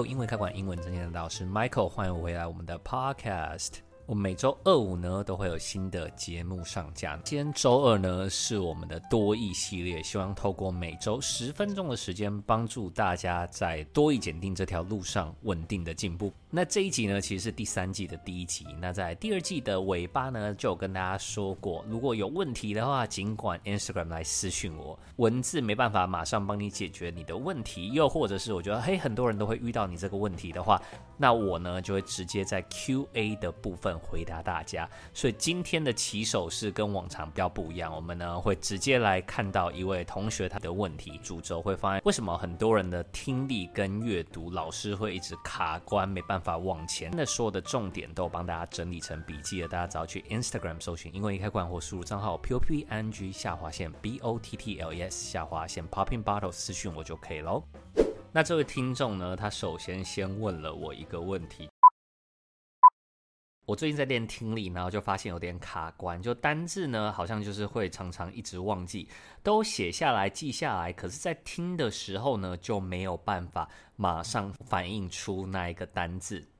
英文易開罐，今天的導師 Michael，歡迎回來我們的 podcast。我每週二五呢都會有新的節目上架。今天週二呢是我們的多益系列，希望透過每週十分鐘的時間，幫助大家在多益檢定這條路上穩定的進步。那這一集呢其實是第三季的第一集。那在第二季的尾巴呢就有跟大家說過，如果有問題的話，儘管 Instagram 來私訊我，文字沒辦法馬上幫你解決你的問題，又或者是我覺得嘿很多人都會遇到你這個問題的話。那我呢就會直接在 Q A 的部分回答大家，所以今天的起手式跟往常比較不一樣，我們呢會直接來看到一位同學他的問題，主軸會發現為什麼很多人的聽力跟閱讀老師會一直卡關，沒辦法往前。那所有的重點都幫大家整理成筆記了，大家只要去 Instagram 搜尋，英文易開罐或輸入賬號 P O P P I N G 下劃線 B O T T L E S 下劃線 Popping Bottles 私訊我就可以嘍。那這位聽眾呢？他首先先問了我一個問題：我最近在練聽力，然後就發現有點卡關，就單字呢，好像就是會常常一直忘記，都寫下來記下來，可是，在聽的時候呢，就沒有辦法馬上反應出那一個單字。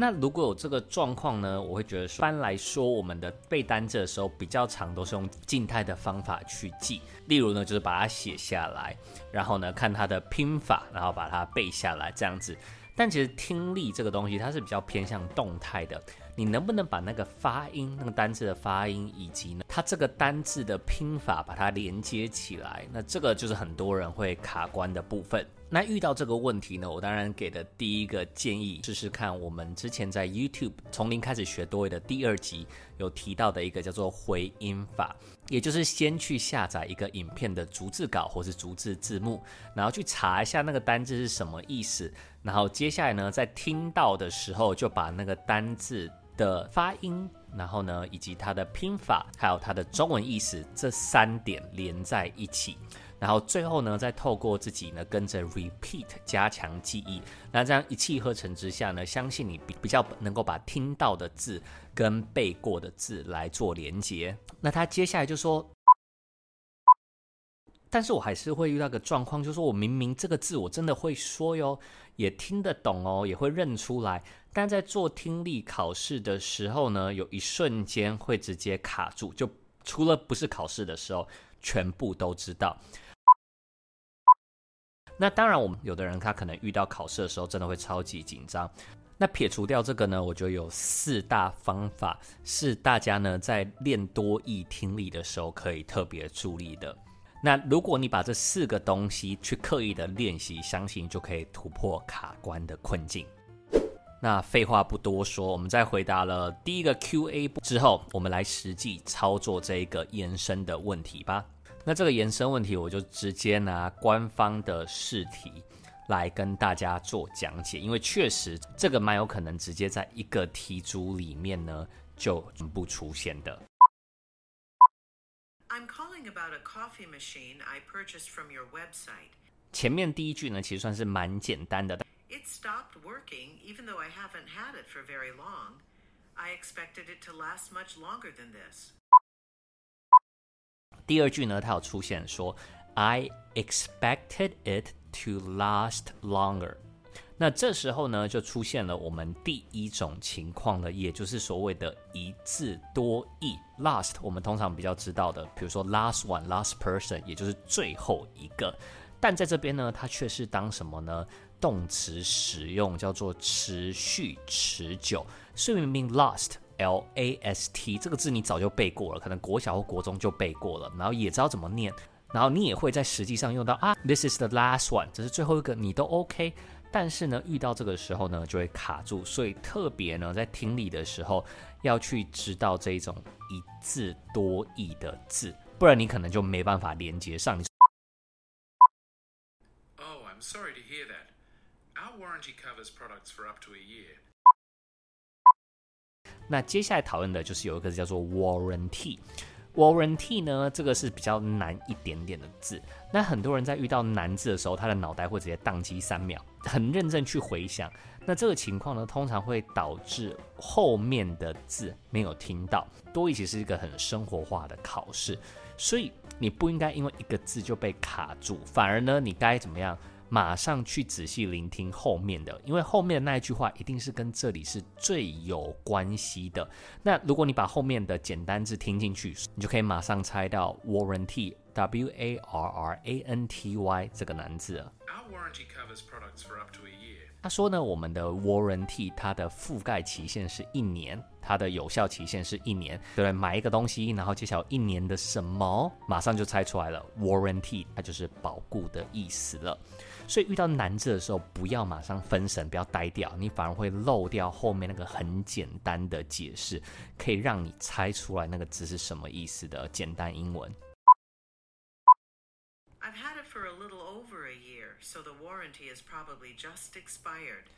那如果有這個狀況呢，我會覺得說，一般來說，我們的背單字的時候比較常都是用靜態的方法去記，例如呢，就是把它寫下來，然後呢，看它的拼法，然後把它背下來這樣子。但其實聽力這個東西，它是比較偏向動態的，你能不能把那個發音、那個單字的發音以及呢它這個單字的拼法，把它連接起來，那這個就是很多人會卡關的部分。那遇到這個問題呢，我當然給的第一個建議，就是看我們之前在 YouTube 從零開始學多益的第二集有提到的一個叫做回音法，也就是先去下載一個影片的逐字稿或是逐字字幕，然後去查一下那個單字是什麼意思，然後接下來呢，在聽到的時候就把那個單字的發音，然後呢，以及它的拼法，還有它的中文意思這三點連在一起。然後最後呢，再透過自己呢跟着 repeat 加強記憶，那這樣一氣呵成之下呢，相信你比，比較能夠把聽到的字跟背過的字來做連接。那他接下來就說，但是我還是會遇到一個狀況，就是說我明明這個字我真的會說喲，也聽得懂哦，也會認出來，但在做聽力考試的時候呢，有一瞬間會直接卡住，就除了不是考試的時候，全部都知道。那當然，我們有的人他可能遇到考試的時候，真的會超級緊張。那撇除掉這個呢，我覺得有四大方法是大家呢在練多益聽力的時候可以特別注意的。那如果你把這四個東西去刻意的練習，相信就可以突破卡關的困境。那廢話不多說，我們在回答了第一個 QA 之後，我們來實際操作這一個延伸的問題吧。那這個延伸問題，我就直接拿官方的試題來跟大家做講解，因為確實這個蠻有可能直接在一個題組裡面呢就全部出現的。I'm calling about a coffee machine I purchased from your website. 前面第一句呢，其實算是蠻簡單的。It stopped working, even though I 第二句呢，它有出現說，I expected it to last longer。那這時候呢，就出現了我們第一種情況的，也就是所謂的一字多義。last 我們通常比較知道的，比如說 last one，last person，也就是最後一個。但在這邊呢，它卻是當什麼呢？動詞使用，叫做持續、持久。所以明明 last。L A S T 這個字你早就背過了，可能國小或國中就背過了，然後也知道怎麼念，然後你也會在實際上用到啊，This is the last one，這是最後一個，你都 OK，但是呢，遇到這個時候呢，就會卡住，所以特別呢，在聽力的時候要去知道這一種一字多義的字，不然你可能就沒辦法連接上你。Oh, 那接下來討論的就是有一個字叫做 warranty，warranty 呢，這個是比較難一點點的字。那很多人在遇到難字的時候，他的腦袋會直接宕機三秒，很認真去回想。那這個情況呢，通常會導致後面的字沒有聽到。多益是一個很生活化的考試，所以你不應該因為一個字就被卡住，反而呢，你該怎麼樣？馬上去仔細聆聽後面的，因為後面的那一句話一定是跟這裡是最有關係的。那如果你把後面的簡單字聽進去，你就可以馬上猜到 warranty W A R R A N T Y 這個難字啊。Our warranty covers products for up to a year. 他說呢，我們的 warranty 它的覆蓋期限是一年。它的有效期限是一年，對，買一個東西，然後揭曉一年的什麼，馬上就猜出來了。Warranty，它就是“保固”的意思了。所以遇到難字的時候，不要馬上分神，不要呆掉，你反而會漏掉後面那個很簡單的解釋，可以讓你猜出來那個字是什麼意思的簡單英文。I've had it for a little over a year, so the warranty has probably just expired.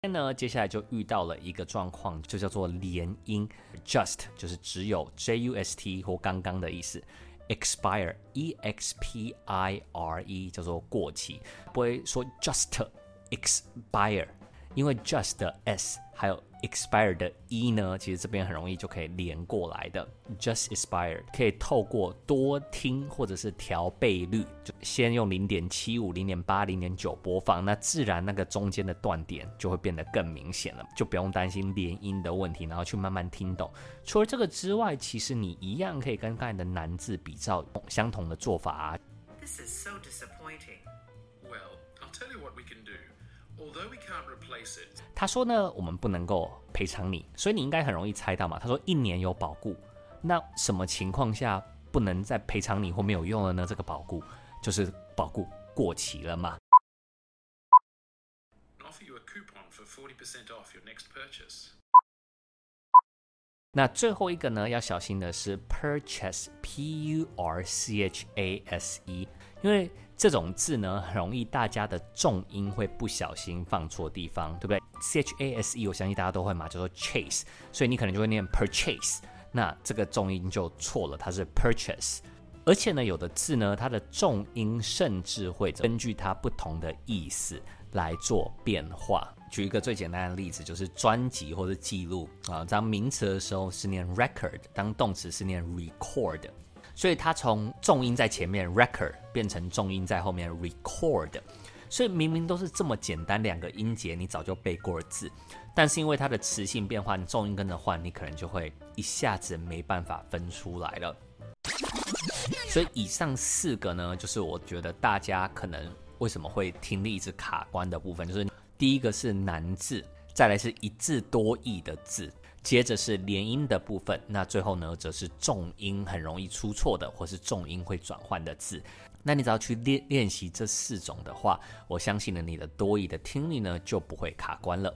今天呢，接下來就遇到了一個狀況，就叫做連音，just 就是只有 J-U-S-T 或剛剛的意思，expire E-X-P-I-R-E 叫做過期，不會說 just expire，因為 just 的 s 還有。expired 的一呢其實這邊很容易就可以連過來的 just expired 可以透過多聽或者是調倍率就先用零點七五零點八零點九播放那自然那個中間的斷點就會變得更明顯了就不用擔心連音的問題然後去慢慢聽懂除了這個之外其實你一樣可以跟剛才的難字比照相同的做法、啊、This is so disappointing well I'll tell you what we can do Although we can't replace it, 他說呢，我們不能夠賠償你，所以你應該很容易猜到嘛。他說一年有保固，那什麼情況下不能再賠償你或沒有用了呢？這個保固就是保固過期了嘛。Offer you a coupon for 40% off your next purchase. 那最後一個呢，要小心的是 purchase，p u r c h a s e。因為這種字呢，很容易大家的重音會不小心放錯地方，對不對？C H A S E，我相信大家都會嘛，叫做 chase，所以你可能就會念 purchase，那這個重音就錯了，它是 purchase。而且呢，有的字呢，它的重音甚至會根據它不同的意思來做變化。舉一個最簡單的例子，就是專輯或者記錄啊，當名詞的時候是念 record，當動詞是念 record。所以它從重音在前面 record 變成重音在後面 record，所以明明都是這麼簡單兩個音節，你早就背過了字，但是因為它的詞性變換，重音跟着換，你可能就會一下子沒辦法分出來了。所以以上四個呢，就是我覺得大家可能為什麼會聽力一直卡關的部分，就是第一個是難字，再來是一字多義的字。接着是連音的部分，那最後呢，則是重音很容易出錯的，或是重音會轉換的字。那你只要去練練習這四種的話，我相信呢，你的多益的聽力呢就不會卡關了。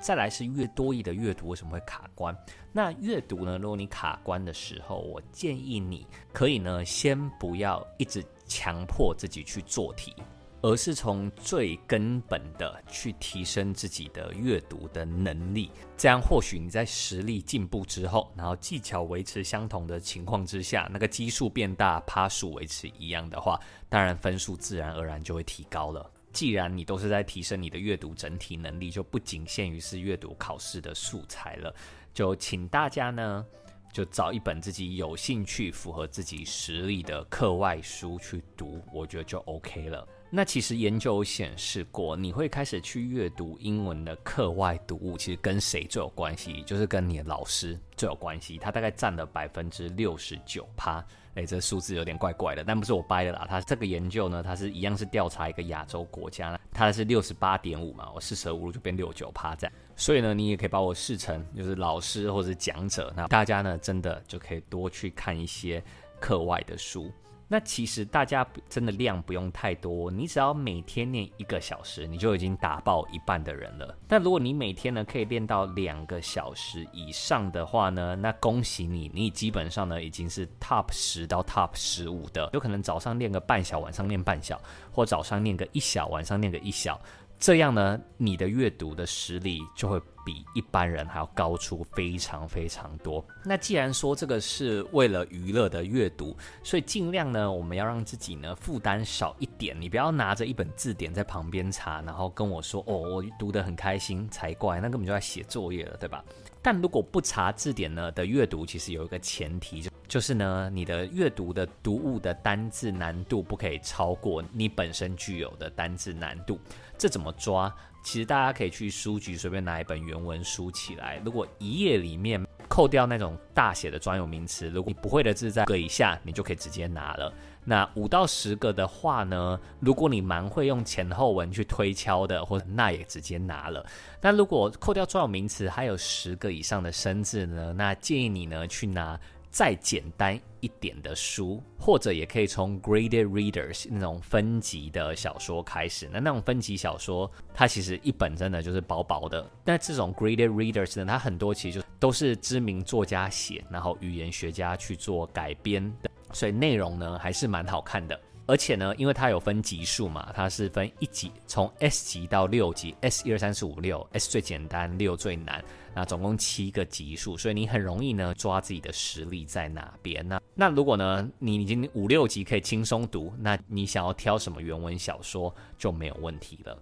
再來是越多益的閱讀為什麼會卡關？那閱讀呢，如果你卡關的時候，我建議你可以呢，先不要一直強迫自己去做題。而是從最根本的去提升自己的閱讀的能力，這樣或許你在實力進步之後，然後技巧維持相同的情況之下，那個基數變大，趴數維持一樣的話，當然分數自然而然就會提高了。既然你都是在提升你的閱讀整體能力，就不僅限於是閱讀考試的素材了，就請大家呢，就找一本自己有興趣、符合自己實力的課外書去讀，我覺得就 OK 了。那其實研究顯示過，你會開始去閱讀英文的課外讀物，其實跟誰最有關係？就是跟你的老師最有關係，他大概佔了百分之六十九趴。欸，這數字有點怪怪的，但不是我掰的啦。它這個研究呢，它是一樣是調查一個亞洲國家，它是六十八點五嘛，我四捨五入就變六九趴佔。所以呢，你也可以把我視成，就是老師或者是講者，那大家呢真的就可以多去看一些課外的書。那其實大家真的量不用太多，你只要每天練一個小時，你就已經打爆一半的人了。但如果你每天呢可以練到兩個小時以上的話呢，那恭喜你，你基本上呢已經是 top 十到 top 十五的。有可能早上練個半小，晚上練半小，或早上練個一小，晚上練個一小。這樣呢，你的閱讀的實力就會比一般人還要高出非常非常多。那既然說這個是為了娛樂的閱讀，所以儘量呢，我們要讓自己呢負擔少一點。你不要拿着一本字典在旁邊查，然後跟我說：“哦，我讀得很開心”才怪。那根本就在寫作業了，對吧？但如果不查字典呢？的閱讀其實有一個前提，就就是呢，你的閱讀的讀物的單字難度不可以超過你本身具有的單字難度。這怎麼抓？其實大家可以去書局隨便拿一本原文書起來，如果一頁裡面扣掉那種大寫的專有名詞，如果你不會的字在個以下，你就可以直接拿了。那五到十個的話呢，如果你蠻會用前後文去推敲的，或者那也直接拿了。那如果扣掉專有名詞，還有十個以上的生字呢，那建議你呢去拿再簡單一點的書，或者也可以從 graded readers 那種分級的小說開始。那那種分級小說，它其實一本真的就是薄薄的。那這種 graded readers 呢，它很多其實就都是知名作家寫，然後語言學家去做改編。所以內容呢還是蠻好看的，而且呢，因為它有分級數嘛，它是分一級從 S 級到六級，S 一二三四五六，S 最簡單，六最難，那總共七個級數，所以你很容易呢抓自己的實力在哪邊呢、啊？那如果呢你已經五六級可以輕鬆讀，那你想要挑什麼原文小說就沒有問題了。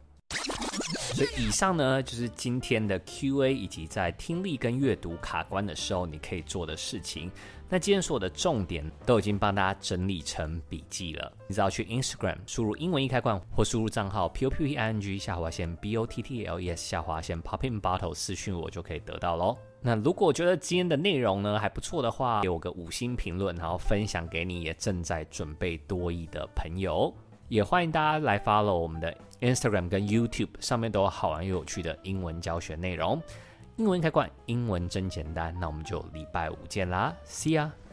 所以以上呢，就是今天的 Q A 以及在聽力跟閱讀卡關的時候，你可以做的事情。那今天所有的重點都已經幫大家整理成筆記了。你只要去 Instagram 輸入英文易開罐，或輸入賬號 popping 下劃線 bottles 下劃線 popping bottle 私訊我，就可以得到嘍。那如果覺得今天的內容呢還不錯的話，給我個五星評論，然後分享給你也正在準備多益的朋友。也歡迎大家來 follow 我們的 Instagram 跟 YouTube，上面都有好玩又有趣的英文教學內容。英文開罐，英文真簡單。那我們就禮拜五見啦，See ya！